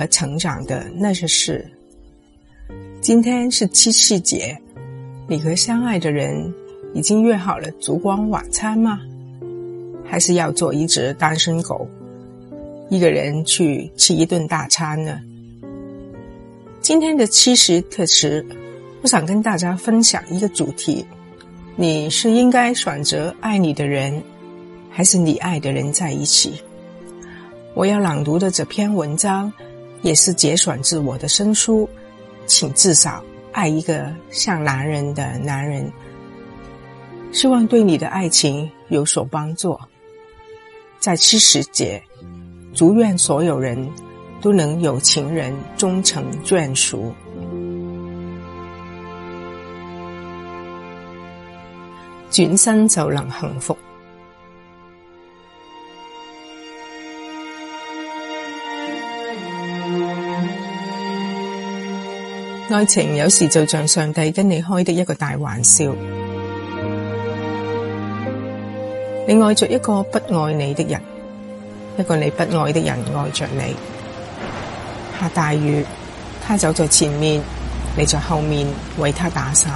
和成長的那些事。今天是七夕節，你和相愛的人已經約好了燭光晚餐嗎？還是要做一隻單身狗，一個人去吃一頓大餐呢？今天的七夕特輯，我想跟大家分享一個主題：你是應該選擇愛你的人，還是你愛的人在一起？我要朗讀的這篇文章。也是節選自我的新書，請至少愛一個像男人的男人，希望對你的愛情有所幫助。在七夕節，祝願所有人都能有情人終成眷屬，轉身就能幸福。愛情有時就像上帝跟你開的一個大玩笑，你愛着一個不愛你的人，一個你不愛的人愛着你。下大雨，他走在前面，你在後面為他打傘，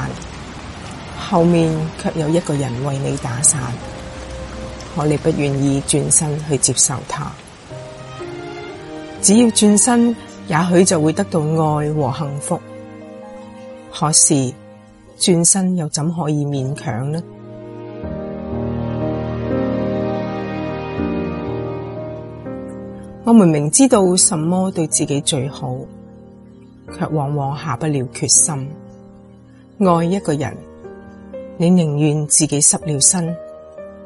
後面却有一個人為你打傘，可你不願意轉身去接受他，只要轉身，也許就會得到愛和幸福。可是轉身又怎可以勉強呢？我們明知道什麼對自己最好，卻往往下不了決心。愛一個人，你寧願自己濕了身，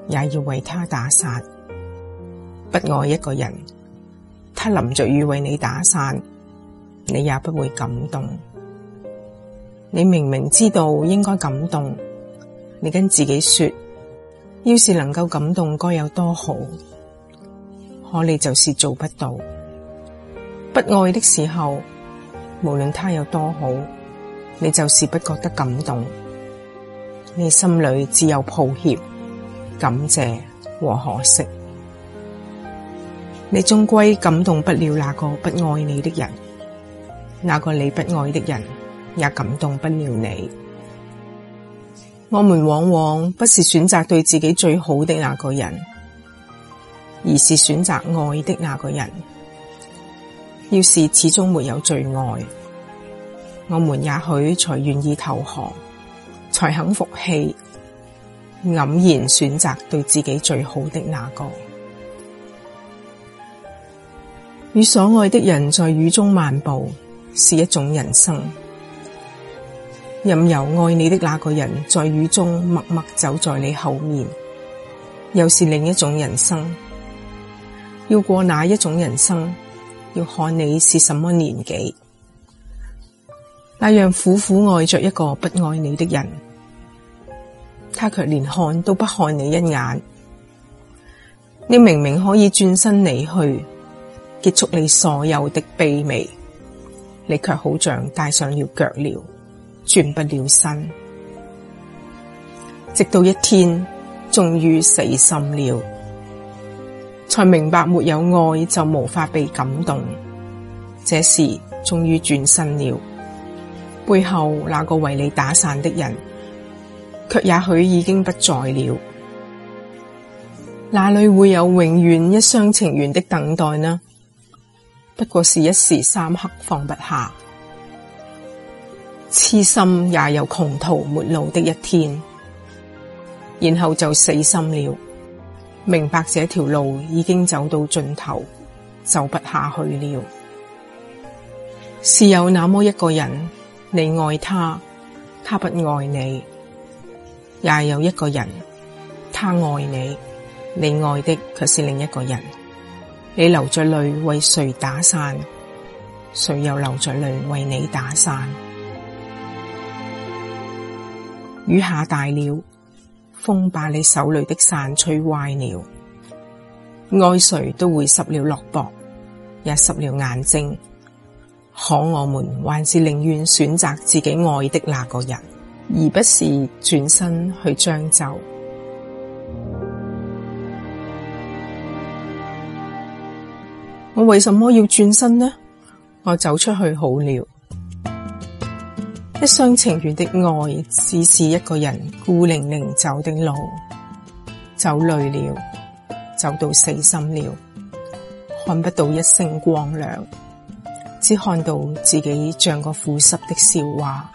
也要為他打傘；不愛一個人，他淋着雨為你打傘，你也不會感動。你明明知道應該感動，你跟自己說，要是能夠感動該有多好，可你就是做不到。不愛的時候，無論他有多好，你就是不覺得感動，你心裏只有抱歉、感謝和可惜。你終歸感動不了那個不愛你的人，那個你不愛的人。也感動不了你。我們往往不是選擇對自己最好的那個人，而是選擇愛的那個人。要是始終沒有最愛，我們也許才願意投降，才肯服氣，黯然選擇對自己最好的那個。與所愛的人在雨中漫步，是一種人生。任由愛你的那個人在雨中默默走在你後面，又是另一種人生。要過哪一種人生，要看你是什麼年紀。那樣苦苦愛着一個不愛你的人，他卻連看都不看你一眼。你明明可以轉身離去，結束你所有的卑微，你卻好像戴上了腳鐐。轉不了身，直到一天終於死心了，才明白沒有愛就無法被感動。這時終於轉身了，背後那個為你打傘的人，却也許已經不在了。哪裏會有永遠一廂情願的等待呢？不過是一時三刻放不下。痴心也有窮途末路的一天，然後就死心了。明白這條路已經走到盡頭，走不下去了。是有那麼一個人，你愛他，他不愛你；也有一個人，他愛你，你愛的卻是另一個人。你流着淚為誰打傘，誰又流着淚為你打傘？雨下大了，風把你手裏的傘吹壞了。愛誰都會濕了胳膊，也濕了眼睛。可我們還是寧願選擇自己愛的那個人，而不是轉身去將就。我為什麼要轉身呢？我走出去好了。一廂情願的愛，只是一個人孤零零走的路，走累了，走到死心了，看不到一星光亮，只看到自己像個苦澀的笑話。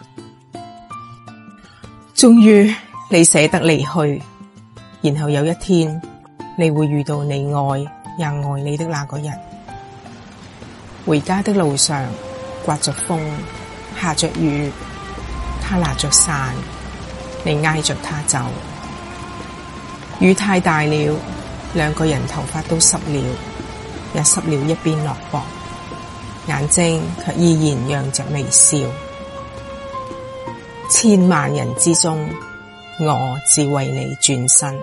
終於你捨得離去，然後有一天你會遇到你愛也愛你的那個人。回家的路上刮着風，下着雨。他拿着傘，你挨着他走。雨太大了，兩個人頭髮都濕了，也濕了一邊落膊，眼睛卻依然漾着微笑。千萬人之中，我只為你轉身。